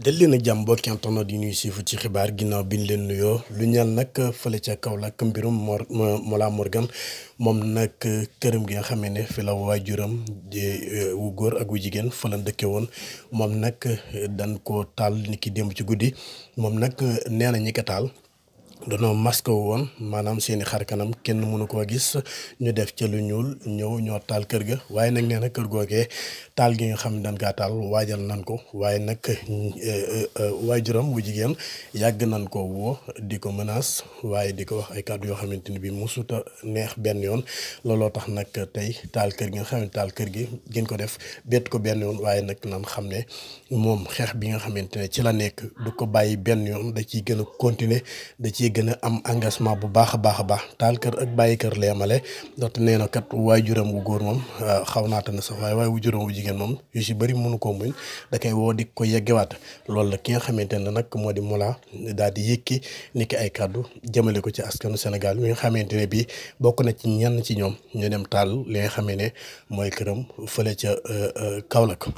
dal leen a jàmm mbokki internet yi ñuy siifu ci xibaar ginnaaw bi ñu leen nuyoo lu ñal nag fële ca Kaolack mbirum Mor Mollah Morgan moom nag këram gi nga xamee ne fi la waajuram euh, wu góor ak wu jigéen fa la dëkke woon moom nag dañ ko taal ni ki démb ci guddi moom nag nee na ñi taal danoo masque woon maanaam seeni xar kanam kenn mënu koo gis ñu def ca lu ñuul ñëw ñoo taal kër ga waaye nag nee na kër googee taal gi nga xam ne dañ kaa taal waajal nan ko waaye nag eh, eh, eh, waajuram wu jigéen yàgg nan ko woo di ko menace waaye di ko wax ay kàddu yoo xamante ni bi musuta neex benn yoon looloo tax nag tey taal kër gi nga xam ne taal kër gi gën ko def bett ko benn yoon waaye nag nan xam ne moom xeex bi nga xamante ne ci la nekk du ko bàyyi benn yoon da ciy gën a continuer da ciy di gën a am engagement bu baax a baax a baax taal kër ak bàyyi kër leemale ndaxte nee na kat waajuram wu góor moom ah, xaw naata na sax waaye waaye wu juróom wu jigéen moom yu si bëri mënu ko muñ da kay woo di ko yeggewaat loolu la ki nga xamante ne nag moo di Mollah daal di yëkki ni ki ay kàddu jëmale ko ci askanu Sénégal mi nga xamante ne bii bokk na ci ñenn ci ñoom ñu dem taal li nga xamee ne mooy këram fële ca euh, euh, Kaolack